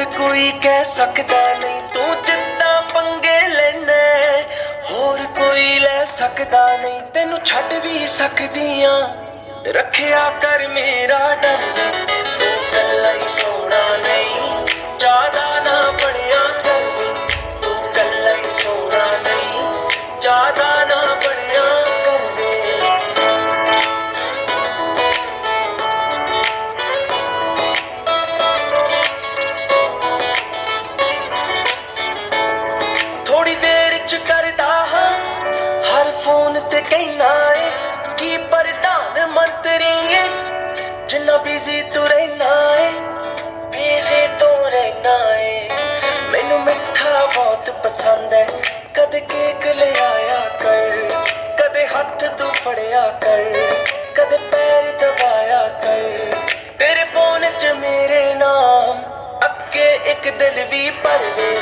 ਹੋਰ ਕੋਈ ਕਹਿ ਸਕਦਾ ਨਹੀਂ ਤੂੰ ਜਿੱਦਾਂ ਪੰਗੇ ਲੈਣਾ ਹੋਰ ਕੋਈ ਲੈ ਸਕਦਾ ਨਹੀਂ ਤੈਨੂੰ ਛੱਡ ਵੀ ਸਕਦੀਆਂ ਰੱਖਿਆ ਕਰ ਮੇਰਾ ਡਰ ਵਿੱਚ ਕਰਦਾ ਹਾਂ ਹਰ ਫੋਨ ਤੇ ਕਹਿਣਾ ਏ ਕੀ ਪ੍ਰਧਾਨ ਮੰਤਰੀ ਏ ਜਿੰਨਾ ਬੀਜ਼ੀ ਤੂੰ ਰਹਿਣਾ ਏ ਬੀਜ਼ੀ ਤੂੰ ਰਹਿਣਾ ਏ ਮੈਨੂੰ ਮਿੱਠਾ ਬਹੁਤ ਪਸੰਦ ਹੈ ਕਦੇ ਕੇਕ ਲੈ ਆਇਆ ਕਰ ਕਦੇ ਹੱਥ ਤੂੰ ਫੜਿਆ ਕਰ ਕਦੇ ਪੈਰ ਦਬਾਇਆ ਕਰ ਤੇਰੇ ਫੋਨ 'ਚ ਮੇਰੇ ਨਾਮ ਅੱਕੇ ਇੱਕ ਦਿਲ ਵੀ ਪਰਵੇ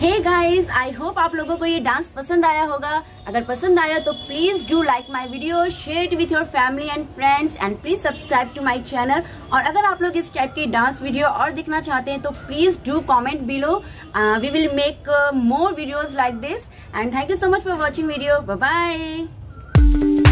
हे गाइस आई होप आप लोगों को ये डांस पसंद आया होगा अगर पसंद आया तो please do like my video share it with your family and friends and please subscribe to my channel और अगर आप लोग इस टाइप के डांस वीडियो और देखना चाहते हैं तो please do comment below we will make more videos like this and thank you so much for watching video bye